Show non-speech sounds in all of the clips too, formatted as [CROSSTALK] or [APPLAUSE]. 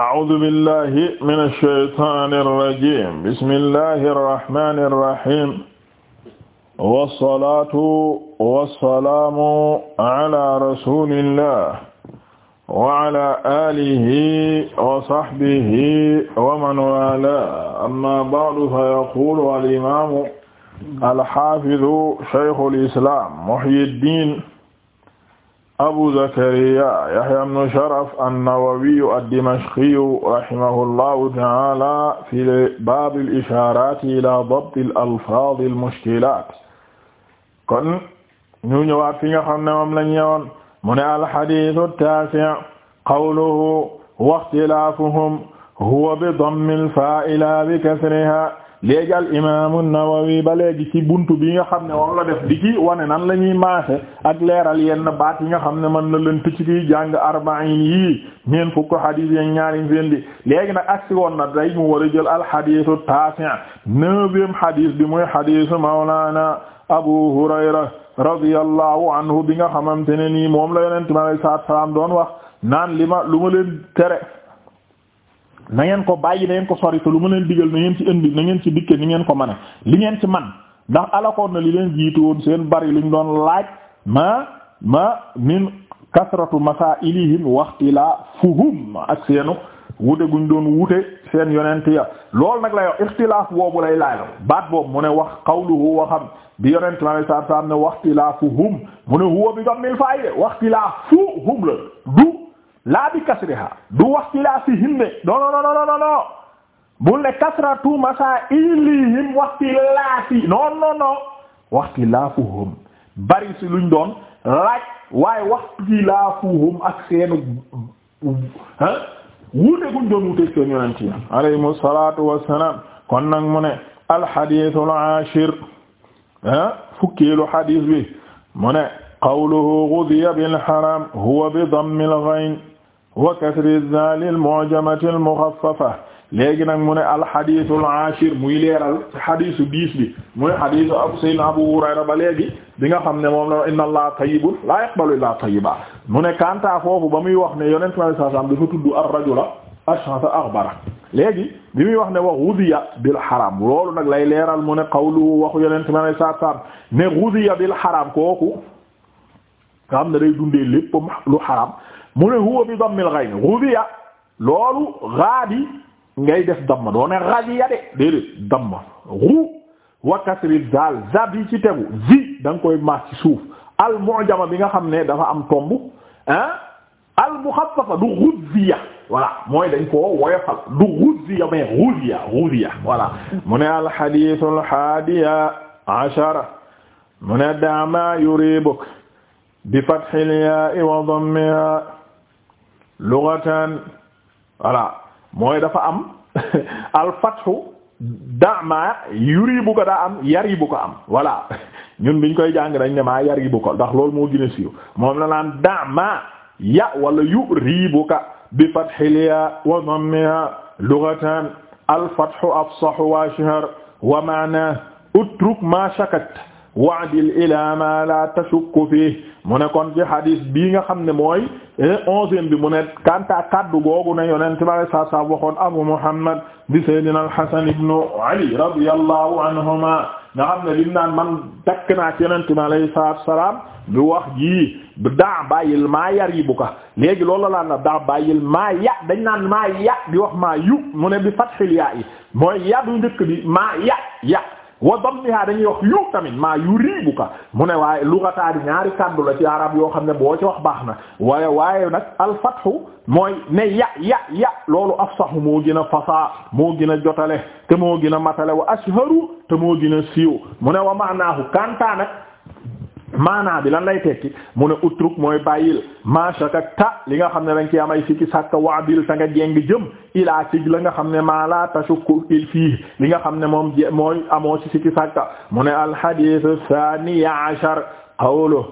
أعوذ بالله من الشيطان الرجيم بسم الله الرحمن الرحيم والصلاة والسلام على رسول الله وعلى آله وصحبه ومن والاه أما بعد فيقول الإمام الحافظ شيخ الإسلام محي الدين abu zakariya yahya ibnu sharaf annawawiyu addimashqiyu rahimahullahu taala fi baabi al-ishaarati ila dabti al-alfaaz al-mushkilaat kon ñu ñëwaat fi nga xam ne moom lañ ñëwoon mu ne al-hadiisu at-taasi' qawluhu wa ixtilaafuhum huwa bi dammi al-faa'i laa bi kasrihaa léegi al imaamu Nawawi ba léegi ci buntu bi nga xam ne moom la def di ci wane nan la ñuy maase ak leeral yenn baat yi nga xam ne man na leen picc kiy jàng arba'in yii ñeen fukk xadiis yi ñaari seen di léegi nag agsi woon na day mu war a jël al xadiisu taasi' neuvième xadiis bi muy xadiisu Mawlaana Abu Hurayra radiyallahu anhu bi nga xamante ne nii moom la yonent mi alayhi salaatu wa salaam doon wax naan li lu ma leen tere nangeen ko bàyyi na ko sori te lu mu leen digal na si indi na ngeen ci dikke ni ngeen ko mane li ngeen ci man ndax alakoon na li leen jiitu woon seen bari liñ doon laaj ma ma min kasratu masailihim waxtila fuhum ak seenu wute guñ doon wute seen yonent ya loolu nag lay wax ixtilaaf boobu lay laaj baat boobu mu ne wax xaw qawluhu xam bi yonent ma lay saab saab ne waxtilaafuhum mu ne huwa bi dammil faay de waxtilaafuhum la laa bi kasriha du wax ci ne kasratu masaa'ilihim wax ci laa si non non non wax ci laafuhum bari si luñ doon laaj waaye wax ci laafuhum ak wuute guñ wuute seen yonent yi alayhimu salaatu kon nag mu ne alxadiisul aashir ah fukkeelu xadiis bi mu ne qawluhu ghudiya bil haram huwa bi dammil ghayn wa kasri zaali al-mu'jamati al-mukhaffafa léegi nag mu ne al-hadith al-ashir muy leeral hadisu diis bi muy hadisu Sayyidina Abu Hurayra ba léegi bi nga xam ne moom la inna Allaha tayyibun la yaqbalu illa tayyiba mu ne kanta foofu ba muy wax ne yonent sallallahu alayhi wasallam dafa tudd ar-rajula ash'atha aghbara léegi bi muy wax ne wax ghudiya bil haram loolu nag lay leeral mu ne qawluhu waxu yonent sallallahu alayhi wasallam ne ghudiya bil haram kooku nga xam ne day dundee lépp lu haram mu ne huwa bi dammil ghayn ghudiya def damma doo ne ghadiya de damma ru wa kasri daal yi tegu zi da nga koy maas ci suuf al mu'jama bi nga xam ne dafa am tomb ah al mukhaffafa du du ghudiya mais ghudiya mu ne al hadith al hadiya ashara mu ne dama yuribuk bi fathil ya'i wa dammiha lughatan voilà mooy dafa am [LAUGHS] al fathu da ma yuribu ko daa am yaribu ko am voilà [LAUGHS] ñun biñ koy jàng dañ ne maa yaribu ko ndax loolu moo gën a siiw moom la naan da ma ya wala yuribu ka bi fathil ya wa dammiha lughatan al fathu afsahu wa ashhar wa ma'na utruk ma shakat waadil ila ma la tashukku fii mu ne kon ci hadis bii nga xam ne mooy eh, onzième bi mu ne kanta kaddu googu ne yonent bi alei saat salaam waxoon Abu Muhammad bi Seydina al-Hasan ibn Ali radiyallahu anhuma nga xam ne lim man takk naa ci yonent bi alayhi salaatu salaam bi wax jii daa bàyyil maa yar yi bu ka la daa bàyyil maa ya dañ naan di wax maa yu mu ne bi fathil yaa yi mooy ya du njëkk maa ya ya wa dammiha dañuy wax yu tamit maa yu riibuka mu ne waaye luxataani ñaari kàddu la ci arab yoo xam ne boo ci wax baax na waaye waaye nag alfathu mooy ne ya ya ya loolu afsahu moo gën a fasaa moo gën a jotale te moo gën a matale wa ashharu te moo gën a siiw mu ne wa maanaahu kantaa nag maanaa bi lan lay tekki mu ne utruk mooy bàyyil maashaka ta li nga xam ne dañ ci amay sikki sàkk waadil ta nga jéng jëm ilaa cig la nga xam ne maa la tashukku il fii li nga xam ne moom mooy amoo ci sikki sàkk mu ne alhadith thani ashar qawlu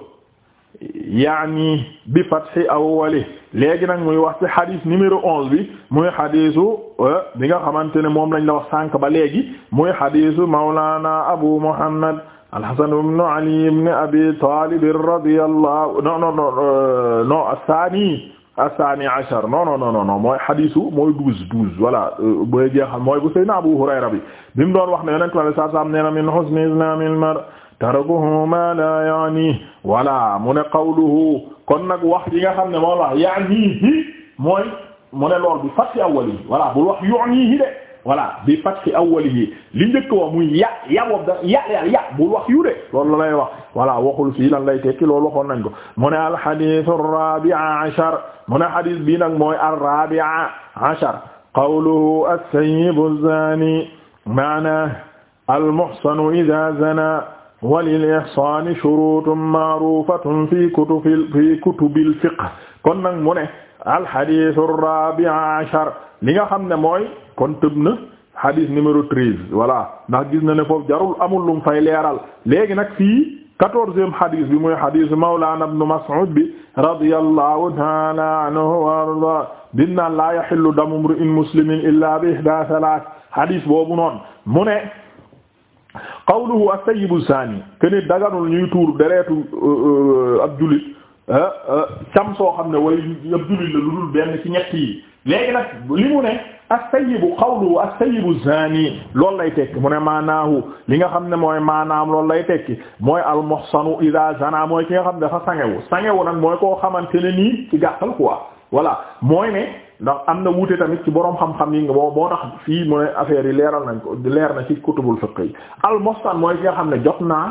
yaani bi fathi awwali léegi nag muy wax ci xadis numéro onze bi muy xadisu euh, bi nga xamante ne moom lañ la wax sànk ba léegi muy xadisu mawlana abu muhammad alhasan ibn ali ibn abi talib radiyallahu non non non non asani asani ashar non mooy hadisu mooy douze douze voilà euh, booy jeexal mooy bu Seydina Abu Hurayra bi bi wax ne yonent sallallahu alayhi wa sallam nee na min husni islamil mar tarakuhu ma la yaani kon nag wax yi nga xam ne moo wax mooy mu ne lool bi fatti awwali voilà wax yaanihi de voilà bi fathi awwalihi li njëkk wa muy ya ya boobu da ya ya ya bul wax yu de loolu lay wax voilà waxul fii lan lay tekki loolu waxoon nañ ko mu ne alxaditu arrabia achar mu ne xadis bi nag mooy arrabia achar qawluhu as-sayyibu zani maana al-muhsanu idha zana wa lil-ihsani shurutun ma'rufatun fi kutubil fi kutubil fiqh kon nag mu ne alxaditu arrabia achar li nga xam ne mooy kon tëb na hadith numéro treize voilà ndax gis na ne foofu jarul amul lum fay leeral léegi nag fii quatorzième hadith bi mooy hadith mawlana ibn Mas'ud bi radiyallahu ta'ala anhu wa arda dinaan la illa bi ihda thalath hadith boobu noonu mu ne qawluhu as-sayyibu zani daganul ñuy tuur deretu euh, ab jullit ah, ah, cam soo xam ne way ab jullit la lu dul ci ñett yi léegi li mu as-sayyibu qawlu as-sayyibu zani loolu lay tekki mu ne maanaahu li nga xam ne mooy maanaam loolu lay tekki mooy al-muhsanu idha zana mooy ki nga xam ne dafa sangewu sangewu nag mooy koo xamante ne nii ci gàttal quoi voilà mooy ne ndax am na wuute tamit ci boroom xam-xam yi boo boo tax fii mu ne affaire yi leeral nañ ko leer na ci kutubul fiqh yi al-muhsan mooy ki nga xam ne jot naa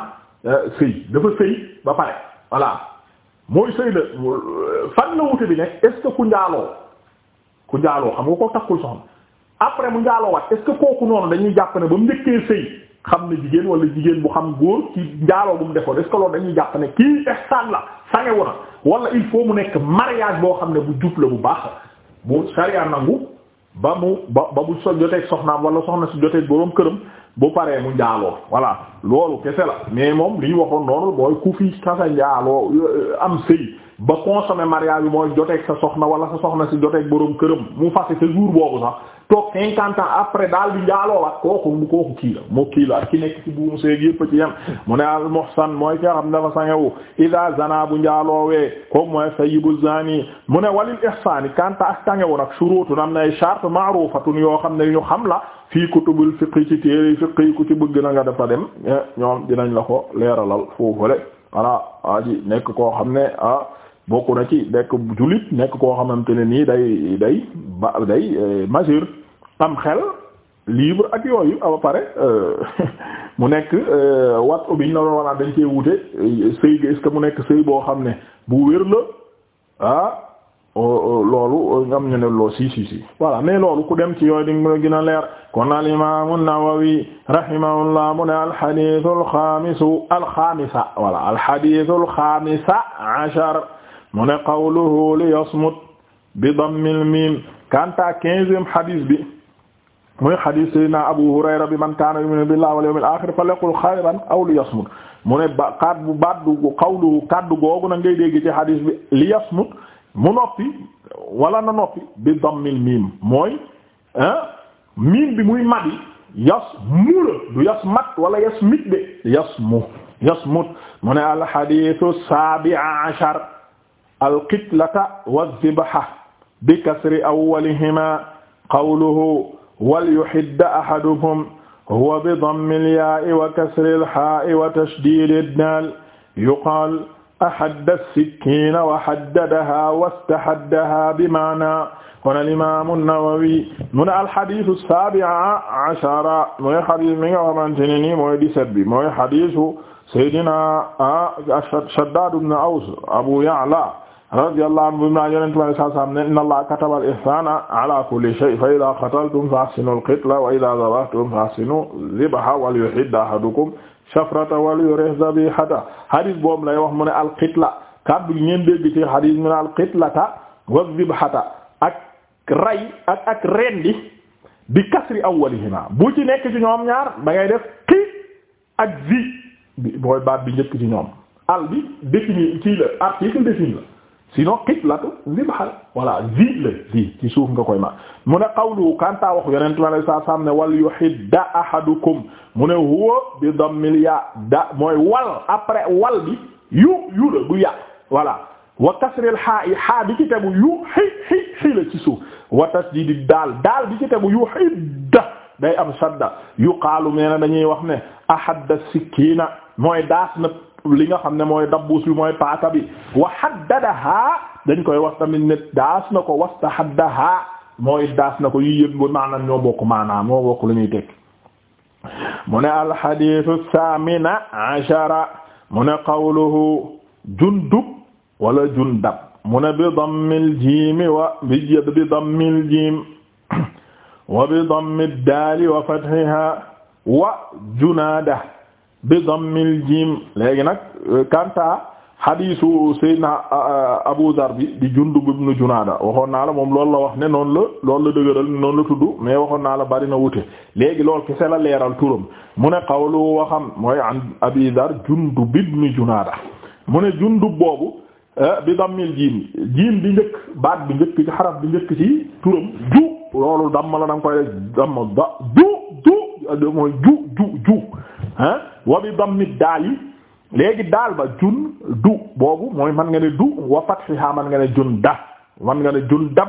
euh, sëy dafa sëy ba pare voilà mooy sëy la fan la wuute bi nekk est ku njaaloo ku jaaloo xam nga ko takkul soxna après mu njaaloo wat est ce que kooku noonu dañuy jàpp ne ba mu njëkkee sëy xam ne jigéen wala jigéen bu xam góor ci njaaloo bu mu defoon est ce que loolu dañuy jàpp ne kii stan la sangewu na wala il faut mu nekk mariage boo xam ne bu jub la bu baax bu sariya nangu ba mu ba ba bu so joteeg soxnaam wala soxna si joteeg boroom këram bu paree mu njaaloo voilà loolu kese la mais moom li ñu waxoon noonu mooy ku fi kasa njaaloo am sëy ba consommer mariage bi mooy joteeg sa soxna wala sa soxna si joteeg boroom këram mu fase sa jour boobu sax toog cinquante ans après daal di njaaloowaat kooku mu kooku kii la moo kii la ak ki nekk bu njaaloowee kooku mooy sayyibu zani mu ne walil ihsani kanta ak sangewu nag shurutun am nay charte yoo xam ne ñu xam la fii kutubul fiqh ci téere ci bëgg na nga dafa dem eh, ñoom dinañ la ko leeralal foofule nekk koo xam ne ah bokk na ci nekk jullit nekk koo xamante ne nii day day ba day eh, majeur am xel libre ak yooyu ah, a pare euh, [LAUGHS] mu nekk euh, wat biñ la dañ cee wute eh, mu nekk sëy boo xam ne bu wér la ah loolu am ñu ne loo si si loolu ku dem ci yooyu di mu gën a leer kon al imam an-Nawawi mu ne alxadithu alxamisu alxamisa voilà alxadithu alxamisa ashar mu ne qawluhu li yasmut bi dammil miim kanta quinzième xadis bi muy xadis sayyidina Abu Hurayra bi man kan yu'minu billahi wal yawmil aaxir falyaqul xayran aw li yasmut ba kaddu baddu qawluhu googu na ngay dégg ci xadis bi li yasmut mu noppi wala na noppi bi dammil miim mooy bi muy madi yas mu wala yas mit de yas mu yas mut mu ne al xadiisu saabi ashar alqitlata walzibaha bikasri awwalihima qawluhu walyuhidda ahadukum huwa bidammi lyaai wa kasri alhaai wa tashdidi daal yuqaal ahadda sikkiina wa haddadaha wastahaddaha bimaana kon alimaamu nawawi mu ne alxadisu saabia achara mooy xadis mi nga xamante ne nii mooy dix-sept bi mooy xadisu Seydina ah Shaddad ibn Aws Abu Ya'la radiyallahu anhu ma yonent bi sallallahu alayhi wa sallam ne inna Allaha kataba al-ihsana ala kulli shay'in fa idha qataltum fa ahsinu al-qitla wa idha zabahtum fa ahsinu zabaha wa liyuhidd ahadukum shafrata wa liyurih zabihata hadith boobu lay wax mu ne al-qitla kaddu gi ngeen dégg ci hadith mu ne al-qitlata wa zabihata ak ray ak ak rendi bi kasri awwalihima bu ci nekk ci ñoom ñaar ba ngay def qi ak zi bi mooy baat bi njëkk ci ñoom al bi défini kii la article défini la sinon xiblatu zibhal voilà zi la zi ci suuf nga koy ma mu ne qawlu kanta wax yonent ma ne saa saam ne wal yuhidda ahadukum mu ne huwa bi dom ya da mooy wal après wal bi yu yu la du ya voilà wa kasril xaa xaa bi ci tegu yu xi xi xi la ci suuf wa tasdidi daal daal bi ci tegu yu xidda day am shadda yuqaalu nee na dañuy wax ne ahadda sikkiina mooy daas na li nga xam ne mooy dabbuus bi mooy paaka bi wa haddadaha dañ koy wax tamit ne daas na ko wastahaddaha mooy daas na ko yi yëpp bu maanaam ñoo bokk maanaam ñoo bokk lu ñuy teg mu ne alxadiisu saamina ashara mu jundub wala jundab mu bi dammil wa bi wa bi bi dammil jim léegi nag kanta euh, hadisu Seydina euh, euh, Abu Dhar bi di Jundub ibn Junaada waxoon naa la moom loolu la wax ne noonu la loolu la dëgëral noonu la tudd mais waxoon naa la bari wute léegi loolu se la leeral turam mu ne qawlu waxam mooy an Abi Dhar Jundub ibn Junaada mu ne jundu boobu bi dammil jiim jiim bi njëkk baat bi njëkk ci xaraf bi njëkk ci turam ju loolu damm la da nga koy def damm mooy ju ju ju ah wa bi mi daal yi léegi daal ba jun du boobu mooy man nga ne du wa fathiha man nga jun da man nga ne jun dab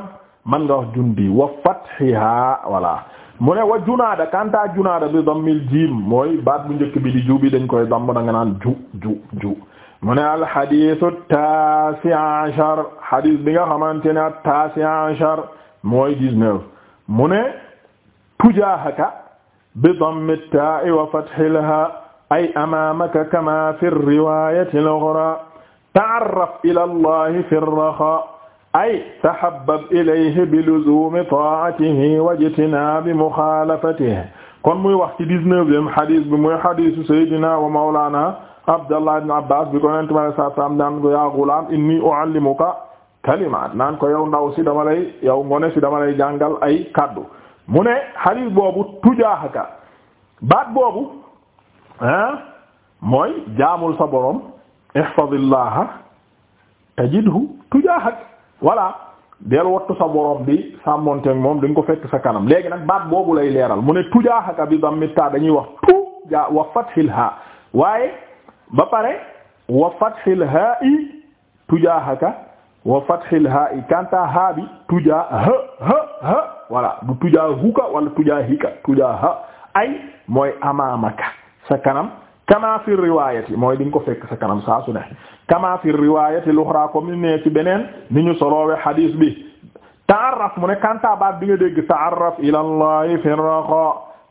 man nga wax jun di wa fathiha voilà mu ne wa junaada kanta junaada bi dammil jiim mooy baat bu njëkk bi di ju bi dañ koy damm da naan ju ju ju mu ne al hadithu taasi ashar hadith bi nga xamante ne a taasi ashar mooy dix-neuf mu ne tujaahaka bi dammi taa wa fathil ha ay amaamaka kama fi riwaayati al-uxraa ta'arraf ila allahi fi raxaa ay tahabbab ilayhi bi luzuumi taa'atihi wa ijtinaabi muxaalafatihi kon muy wax ci dix-neuvième xadis bi muy xadisu saydina wa mawlaana abdallah ibn abbas bi ko nent mala sa saam naan ko yaa gulaam inni u'allimuka kalimaat naan ko yow ndaw si dama lay yow ngone si dama lay jàngal ay kaddu mu ne xadis boobu tujaahaka baat boobu ah mooy jaamul sa borom ihfazillaha tajidhu tujaahak voilà del wattu sa borom bi sàmmonteek moom di ko fekk sa kanam léegi nag baat boobu lay leeral mu ne tujaahaka bi dammi ta dañuy wax tujaa wa fathil ha waaye ba pare wa fathil ha i tujaahaka wa fathil ha i kanta ha tujaa ha ha ha voilà du tujaahuka wala tujaa hika tujaa ha ay mooy amaamaka sa kanam kama fi riwaayati mooy di ko fekk sa kanam saa su ne kama fi riwaayati luxraa comme ni ne ci beneen ni ñu soloowe xadiis bi taarraf mu ne kanta baat bi nga dégg taarraf ila allahi fi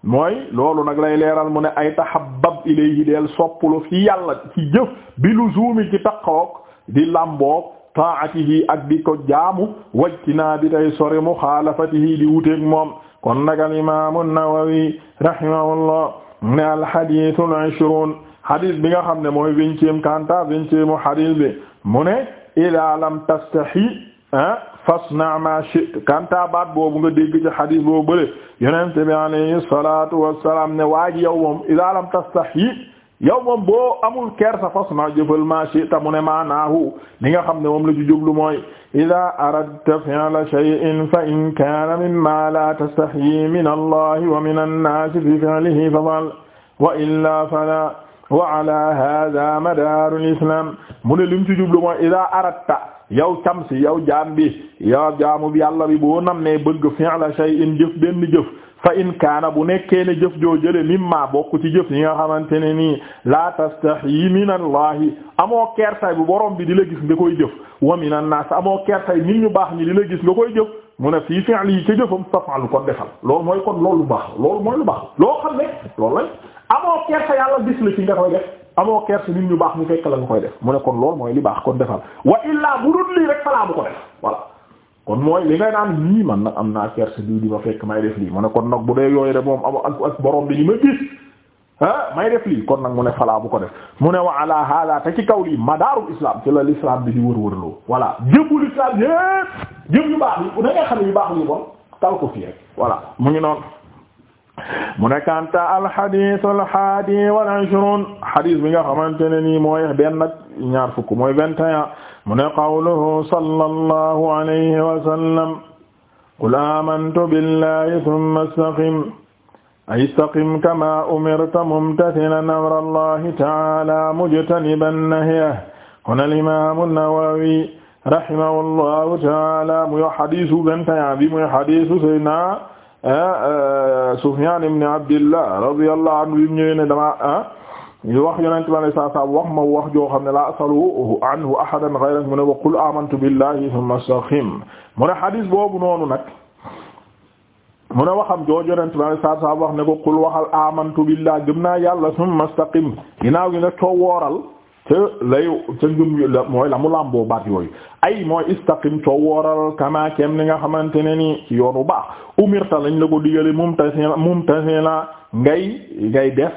mooy loolu nag lay leeral mu ne ay tahabbab ilayhi deel soppulu fi yàlla ci jëf bi luzumi ci taqook di làmbook taatihi ak di ko jaamu wajtinaa bi tay sori muxaalafatihi di wuteek moom kon nag al imaamu Nawawi rahimahullah ne al hadithul ishrun hadith bi nga xam ne mooy vingtième kanta vingtième hadith bi mu ne ila lam tastahi ah, fasna ma shi'ta kanta baat boobu nga dégg ci hadith boobu bële yonente bi alayhi salatu wassalam ne waaji yow moom ila lam tastahi yow moom boo amul kersa fas na jëfal machi ta mu ne maanaahu li nga xam ne moom la ci jublu mooy ida aradta fi'la shay'in fa in kaana mimma la tastahyi min allah wa min an-nas fi fi'lihi fafal wa illa fala wa ala hada madarul islam mu ne lim ci jublu mooy ida aratta yow camsi yow jaam bi yow jaamu bi yàlla bi boo nam ne bëgg fi'la shay'in jëf benn jëf fa in kaana bu nekkee ne jëf joo jële mimma bokk ci jëf yi nga xamante ne nii la tastahi min allahi amoo kertay bu borom bi di la gis nga koy jëf wa min annaas amoo kertay nit ñu baax ñi di la gis nga koy jëf mu ne fii fi'li yi ca jëfam tafaalu kon defal loolu mooy kon loolu lu baax loolu mooy lu baax loo xam ne loolu lañ amoo kersa yàlla gis la ci nga koy def amoo kersa nit ñu baax ñu fekk la nga koy def mu ne kon loolu mooy li baax kon defal wa illaa bu dul lii rek falaa bu ko def voilà kon mooy li nga naan nii man nag am naa kersa di di ma fekk may def lii mu ne kon nag bu dee yooyu de moom ak ak borom bi li ma gis ah may def lii kon nag mu ne falaa bu ko def mu ne wa ala hada te ci kaw lii madaarul islam ci la l'islam bi di wërwërloo voilà jëfu l'islam yépp jëf yu baax yi da ngay xam yu baax yi bon tal ko fii rek voilà mu ngi noonu hadith bi nga xamante ne nii mooy benn nag ñaar fukk mooy vingt et un mu qul amantu billahi thumma istaqim istaqim kama umirta mumtathilan amra allahi ta'ala mujtaniban nahyah kon al-imam an-Nawawi rahimahullahu ta'ala muy hadisu vingt-et-un bi muy hadisu Seydina Sufyan ibn Abdillah radiyallahu anhu bi mu ñëwee ne dama wax yonente bi alayhi salaam wax ma wax joo xam ne la asalu anhu ahadan ghayrak mu ne wa qul amantu billahi thumma istaqim mu ne hadis boobu noonu nag mun ne waxam jooju yonent bi wax ne ko qul waxal amantu billah gëm naa yàlla summa staqim ginnaaw gi ne coo wooral te lay ca ngëm la mooy la mu làmboo baat yooyu ay mooy istaqim coo wooral kama li nga xamante ne ni ci yoonu baax umirta lañ la ko digale mumtasila mumtasila ngay ngay def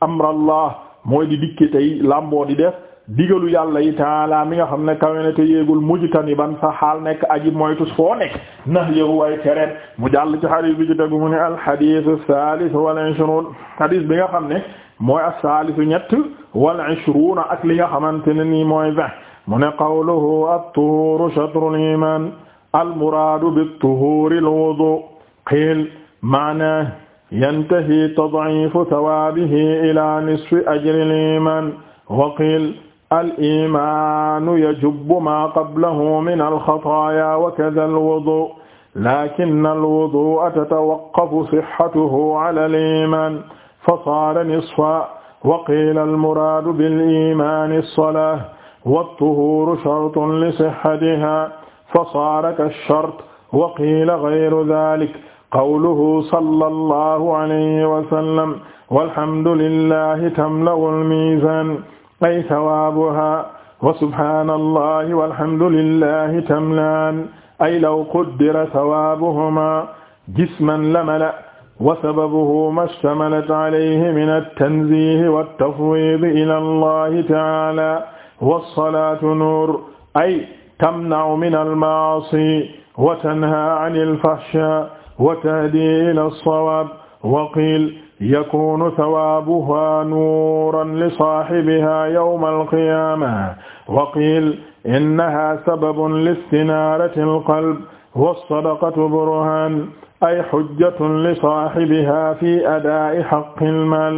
amrallah mooy di dikki tey làmboo di def digalu yàlla yi taala mi nga xam ne kawene te yéegul mujtani ban sa xaal nekk aji moytus foo nekk nah yëgu way tereet mu jàll ci xadis bi ci tegu mu ne alxadisu salis wal ishrun xadis bi nga xam ne mooy as-salisu ñett wal ishrun ak li nga xamante ne nii mooy vingt mu ne qawluhu at-tuhuru shatrul iman al-muradu bit-tuhuri al-wudu qiil maana yantahi tad'ifu thawabihi ila nisfi ajri al-iman wa qiil al imaanu yajubbu maa qablahu min alxataaya wa kaza alwudu laakin alwudu'a tatawaqqafu sihhatuhu ala al imaan fasaara nisfa wa qiila almuraadu bil imaani as-salaah wat-tuhuuru shartun li sihhatihaa fasaara kash-shart wa qiila ghayru dhaalik qawluhu sallallahu alayhi wa sallam walhamdu lillahi tamla'ul miizaan ay sawaabuha wa subhaanallahi walhamdulillahi tamlaan ay law quddira sawaabuhuma jisman lamala wa sababuhu mashtamalat alayhi min at-tanziih wa at-tafwiid ila allahi ta'aala was-salaatu nuur ay tamna'u min al-ma'aasi wa tanhaa 'ani al-fahshaa'i wa tahdii ila as-sawaab wa qiila yakunu sawaabuha nuuran li saahibiha yawma alqiyaama wa qiil innaha sababun listinaarati alqalb wassadaqatu burhaan ay xujjatun li saahibiha fi adaa'i haqqi almaal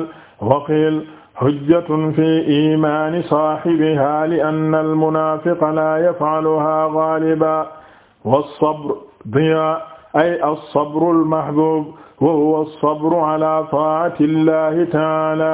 wa qiil xujjatun fi iimaani saahibiha li'anna almunaafiqa laa yaf'aluha gaaliban wassabru diyaa ay assabru almahbuub wa huwa as-sabru ala ta'ati llahi ta'ala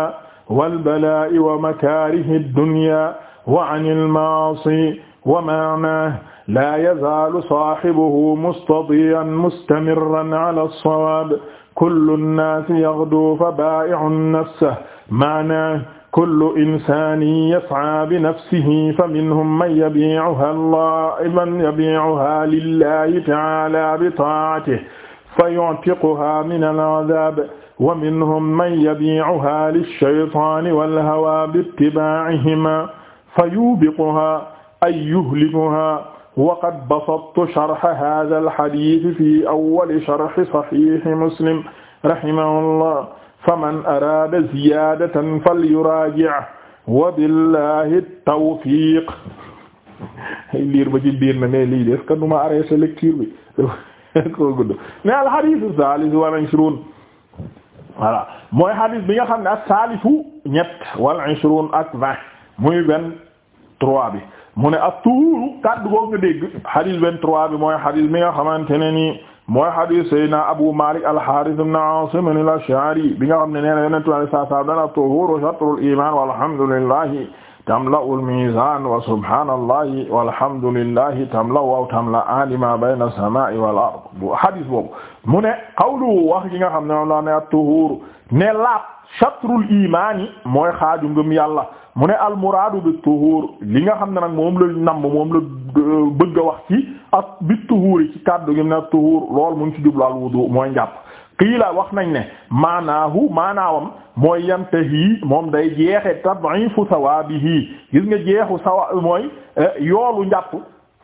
wal balaa'i wa makaarihi ad-dunya wa 'ani al-ma'aasi wa ma'nahu laa yazaalu saahibuhu mustadi'an mustamirran 'ala as-sawaab kullu an-naasi yaghduu fa baa'i'un nafsahu ma'nahu kullu insaanin yas'aa binafsihi faminhum man yabii'uhaa lillaahi ta'aalaa bi taa'atihi fa yuntiquha min al-'adhab wa minhum man yabi'uha lish-shaytani wal-hawa bi-ittiba'ihima fa yubiquha ay yuhlikuha wa qad basattu sharha hadha al-hadith fi awwal sharh sahih Muslim rahimahullah faman arada ziyadatan falyuraji' wa billahi at-tawfiq liir ba ci biir na mais lii est-ce que duma arrêter lecture bi [LAUGHS] koo gudd mais al hadithu saalisu wal ishrun voilà mooy hadith bi nga xam ne ak saalisu ñett wal ishrun ak vingt muy vingt-trois bi mu ne ak tuuru kaddu boobu nga dégg hadith vingt-trois bi mooy hadith bi nga xamante ne nii mooy hadith Seydina Abu Malik al-Harith ibn Asim al-Ash'ari bi nga xam ne nee na yonentu Yàlla sallallahu alayhi wa sallam dana at-tuhuru shatrul iman walhamdulillahi tamla'ul miizaan wa subhaanallahi walhamdulillahi tamla'u aw tamla'aani maa bayna as-samaa'i wal ard bu hadis boobu mu ne qawlu wax gi nga xam ne moom laa ne at-tuhuur ne laab shatrul imaani mooy xaaju ngëm yàlla mu ne al-muraadu bit-tuhuur li nga xam ne nag moom la namm moom la euh, bëgg a wax ci ak bit-tuhuur ci kàddu gi ne at-tuhuur lool mu ngi ci jublu al-wudu mooy njàpp. qiila wax nañ ne maanaahu maanaawam mooy yantahi moom day jeexe tad'ifu sawaabihi gis nga jeexu sawa mooy eh, yoolu njàpp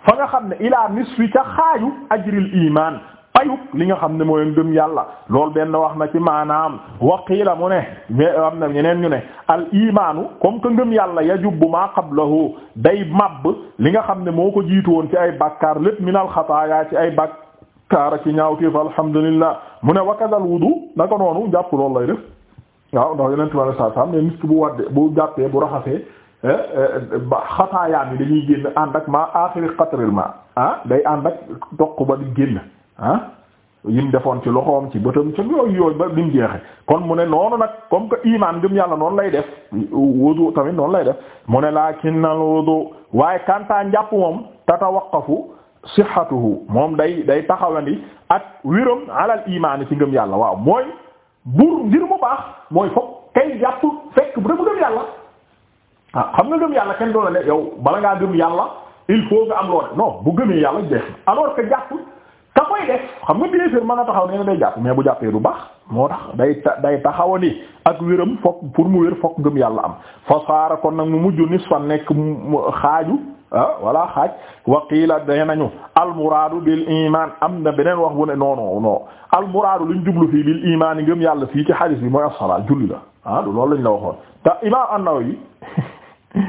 fa nga xam ne ilaa nisfi ca xaaju ajril iman payuk li nga xam ne mooy ngëm yàlla lool benn wax na ci maanaam wa qiila mu ne mais am na ñeneen ñu ne al imaanu comme que ngëm yàlla yajubbu maa qablahu day màbb li nga xam ne moo ko jiitu woon ci ay bakkaar lépp minal xataaya ci ay bakkaar kaara ci ñaaw téef alhamdulillah mu ne wakadal wudu naka noonu jàpp loolu lay def waaw ndax yeneen tubaab saa saa mais nit ki bu wadde bu jàppee bu raxasee eh, eh, ba xataayaam yi dañuy génn ànd ak ma aaxiri qatril ma ah, day ànd ak toq ba di génn ah yim defoon ci loxoom ci bëtam ci yooyu yooyu ba lim jeexe kon mu ne noonu nag comme que iman ngëm yàlla noonu lay def wudu tamit noonu lay def mu ne laa lakinnal wudu waaye kanta njàpp moom tatawaqqafu sihatuhu moom day day taxawandi ak wéram alal imaani ci ngëm yàlla waaw mooy bu ngir mu baax mooy foog kay jàpp fekk bu dafa ngëm yàlla ah xam nga ngëm yàlla kenn doona ne yow bala ngaa gëm yàlla il faut nga am loo de bu gëmee yàlla jeex na alors que jàpp ka koy def xam nga biefir mën a taxaw nee day jàpp mais bu jàppee du baax moo tax day day taxawandi ak wéram foog pour mu wér foog ngëm yàlla am fa saara kon nag mu mujj nis fa nekk xaaju ah voilà xaaj waqiila dane nañu almuraadu bil iman am na beneen wax bu ne non non non almuraadu luñ bil iman yi yàlla fii ci xadis bi mooy as-salaa julli la ah du loolu lañ la waxoon te imam an-Nawawi [LAUGHS]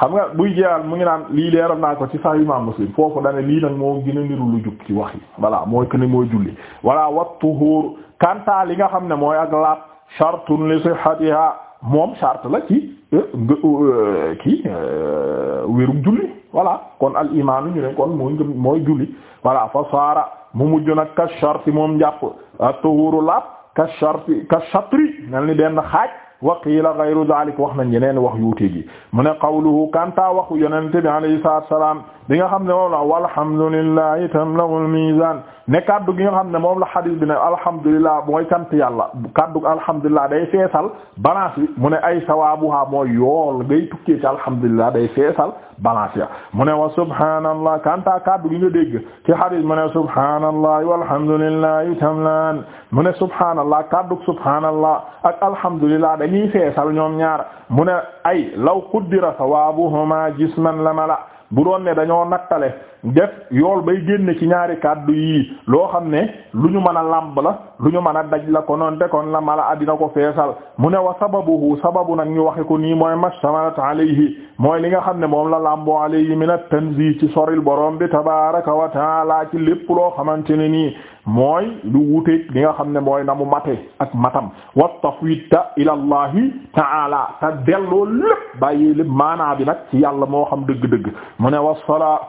xam nga buy jeexal mu ngi naan lii leeroon naa ko ci sax imam Muslim foofu dane lii nag moo gën a niru lu jub ci wax yi voilà mooy que ne mooy julli voilà wat tuhur kanta li nga xam ne mooy ak laat li sihhatiha moom charte la ci euh, euh, kii euh, wérug julli voilà kon al imaam ñu ne kon mooy mooy julli voilà fa saara mu mujj nag ka charte moom njàpp at-tuhuru laab ka charte ka chatri mel ni benn xaaj. wa qiila ghayru dhalik wax nañ yeneen wax yuute gi mu ne qawluhu kanta waxu yonente bi alayhi salaatu wa salaam bi nga xam ne moom la walhamdulillahi tamlahul mizan ne kaddu gi nga xam ne moom la xadis bi alhamdulillah mooy sant yàlla kaddu alhamdulillah day feesal balance bi mu ne ay sawaabuha mooy yool ngay tukkee ci alhamdulillah day feesal balance ya mu ne wa subhanallah kanta kàddu gi nga dégg ci hadith mu ne subhanallah walhamdulillahi tamlan mu ne subhanallah kaddu subhanallah ak alhamdulillah dañuy feesal ñoom ñaar mu ne ay law quddira sawabuhuma jisman lamala bu doon ne dañoo naqale def yool bay génne ci ñaari kàddu yi loo xam ne lu ñu mën a làmb la lu ñu mën a daj la konoon te kon la mala addina ko feesal mu ne wa sababuhu sababu nag ñu waxe ko nii mooy mastamalat alayhi mooy li nga xam ne moom la làmboo alayhi min at-tanzih ci soril borom bi tabaraka wa taala ci lépp loo xamante ne nii mooy lu wuteeg li nga xam ne mooy na mu mate ak matam wa tafwita ila allahi taala te delloo lépp bàyyi lépp maanaa bi nag ci yàlla moo xam dëgg-dëgg mu ne wasala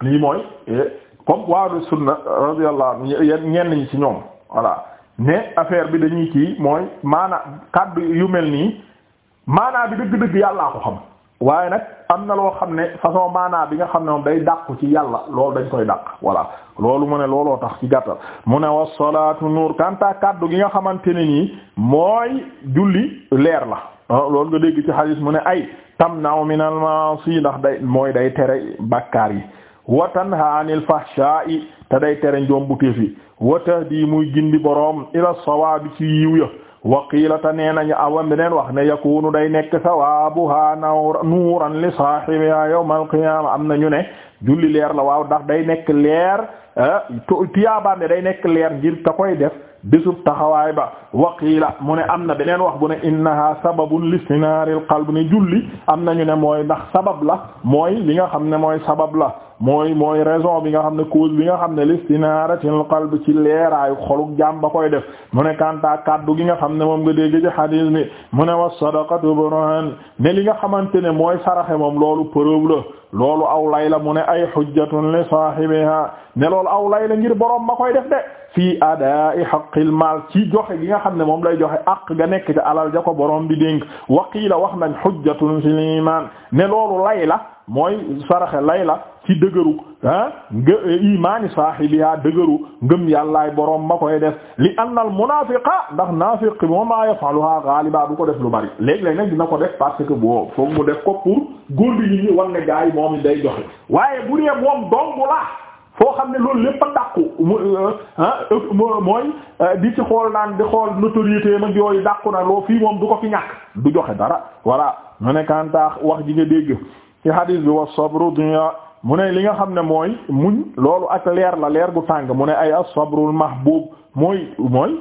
lii mooy eh, comme waalu sunna radiyallahu ñenn ñi ci ñoom voilà ne affaire bi dañuy kii mooy maana kàddu yu mel nii maanaa bi dëgg-dëgg yàllaa ko xam waaye nag am na loo xam ne façon maanaa bi nga xam ne moom day dàqu ci yàlla loolu dañ koy dàq voilà loolu mu ne looloo tax ci gàttal mu ne wa salaatu nuur kanta kàddu gi nga xamante ni nii mooy julli leer la ah loolu nga dégg ci xadiis mu ne ay tam naaw minal maasi ndax day mooy day tere bakkaar yi wa tanha anil fahshaa'i te day tere njoom bu teefi wa muy gindi borom ila sawaabi ci yiw ya wa qiila te nee nañu awam beneen wax ne yakunu day nekk sawaabuha nuuran li saahibiha yawmal qiyaama am na ñu ne julli leer la waaw ndax day nekk leer Ah, tiyaabaam ne day nekk leer ngir ta koy def bésub taxawaay ba waqiila mu ne am na beneen wax bu ne innaha sababun listinaaril qalb ne julli am nañu ne mooy ndax sabab la mooy li nga xam ne mooy sabab la mooy mooy raison bi nga xam ne cause bi nga xam ne listinaaratil qalb ci leeraayu xoluk jaam ba koy def mu ne kanta kaddu gi nga xam ne moom nga dégg ci hadis bi mu ne wa sadaqatu burhan ne li nga xamante ne mooy saraxe moom loolu preuve la loolu aw la mu ne ay hujjatun loolu loolu aw lay la ngir borom ma koy def de fii adaa'i haqqil maal ci joxe gi nga xam ne moom lay joxe àq ga nekk ca alal ja ko borom bi dénk waqiila wax nañ hujjatun fil iman ne loolu lay la mooy saraxe lay la ci dëgëru ah nga imaani saahibiha dëgëru ngëm yàllaay borom ma koy def li anna al munaafiqa ndax naafiq moom maa yafaluha ghaliba du ko def lu bari léeg-léeg nag dina ko def parce que boo foog mu def ko pour góor bi ñi wan ne gaay moom day joxe waaye bu dee moom dong foo xam ne loolu lépp a dàqu euh, euh, mooy euh, di ci xool naan di xool notoriété mag yooyu dàqu na loo fii moom du ko fi ñàkk du joxe dara voilà mu ne kantaax wax ji nga dégg ci hadis bi wa sabru dunya mu ne li nga xam ne mooy muñ loolu ak leer la leer gu tàng mu ne ay as-sabrul mahbub mooy mooy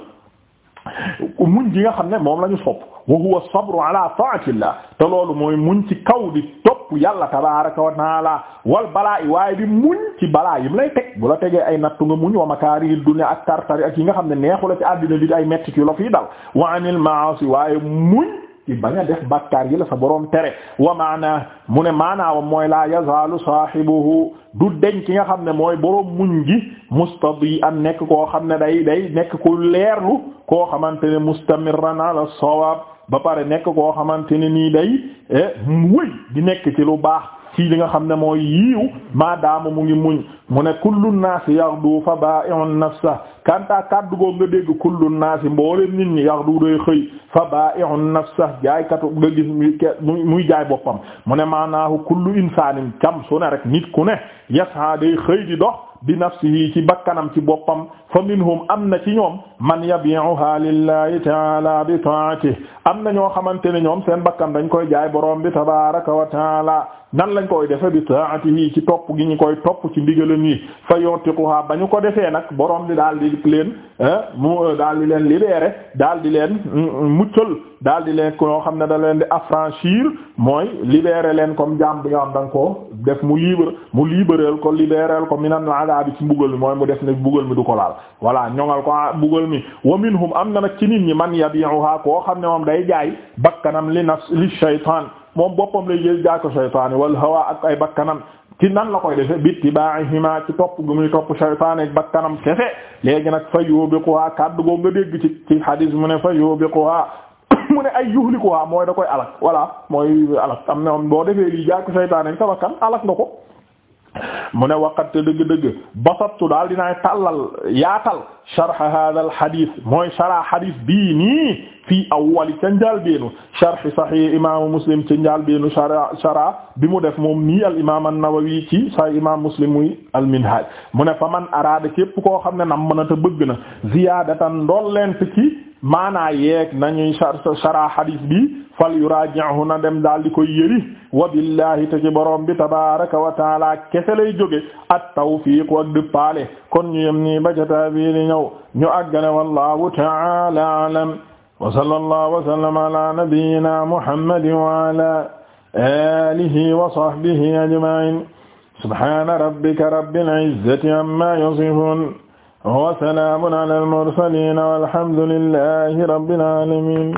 muñ gi nga xam ne moom la ñu wa huwa sabru ala ta'atillah te loolu mooy muñ ci kaw di topp yàlla tabaaraka wa taala wal balaa yi waaye di muñ ci balaa yim lay teg bu la tegee ay nattu nga muñ wa makaari dunya ak tartari ak yi nga xam ne neexu la ci àddina bi ay metti ci lo fi dal wa anil ma'asi waaye muñ ci bañ a def bàkkaar yi la sa boroom tere wa maana mu ne maanaawam mooy laa yazaalu saahibuhu du deñ ki nga xam ne mooy boroom muñ gi mustadi an nekk koo xam ne day day nekk ku leerlu koo xamante ne mustamirran ala sawaab ba pare nekk koo xamante ne nii day eh, wëy di nekk ci lu baax ci li nga xam ne mooy yiiw maadaama mu ngi muñ mu ne kullu naasi yaghdu fa ba'i'un nafsa kanta kaddu goo nga dégg kullu naasi mboolem nit ñi yaghdu day xëy fa ba'i'un nafsa jaaykatu nga gis muy jaay boppam mu ne maanaahu kullu insaanin cam su ne rek nit ku ne yas'a day xëy di dox bi nafsihi ci bakkanam ci boppam fa minhum am na ci ñoom man yabi'uha lillahi ta'ala bi ta'atihi am na ñoo xamante ne ñoom seen bakkan dañ koy jaay boroom bi tabaraka wa ta'ala nan lañ koy defe bi ta'atihi ci topp gi ñu koy topp ci ndigalam yi fa yuntiquha ba ñu ko defee nag boroom bi daal di leen eh, mu daal di leen libéré daal di leen mm, muccal daal di leen ñoo xam ne da leen di affranchir mooy libéré leen comme jaam bi nga xam ko def mu libre mu libéral ko libéral ko minan alaabi ci mbugal mi mooy def ne mbugal mi ko laal mbugal mi wa minhum am na nag ci nit ñi man yabi'uha koo xam ne moom day jaay bakkanam li nafs li shaytaan moom boppam lay jël jaay ko shaytaan wal hawa ak ay bakkanam ci nan la koy defe bittibaa'ihima ci topp gu muy topp shaytaan ak bakkanam kefe léegi nag fa yubiquha kaddu goo nga dégg ci ci hadis mu ne fa yubiquha [COUGHS] mu ne ay yuhlikuha mooy da koy alak voilà mooy alak am na moom boo defee sa bakkan alak nga ko mu ne waqat dëgg-dëgg basattu daal dina tàllal yaatal sharh hadha al hadith mooy sharh hadith bii nii fii awwali ca njàlbeenu sharh sahih imaamu muslim ca njàlbeenu sharh sharh bi mu def moom nii al imaam an-Nawawi ci sahih imaam muslim muy al minhaj mu ne fa man araada képp koo xam ne nam mën a bëgg na ziyaadatan ndool leen ci maanaa yeeg nañuy sharh sharh hadith bi fal yuraaji'hu na dem daal di koy yëri wa billahi te ci borom bi tabaraka wa taala kese lay jóge at tawfiq ak dëppaale kon ñu yem nii bajata bi di ñëw ñu àggane wallahu taala alam wa sallallahu wa sallama ala nabiyyina muhammadin wa ala alihi wa sahbihi ajma'in subhana rabbika rabbil izzati amma yasifun wa salamun ala al mursalin walhamdulillahi rabbil alamin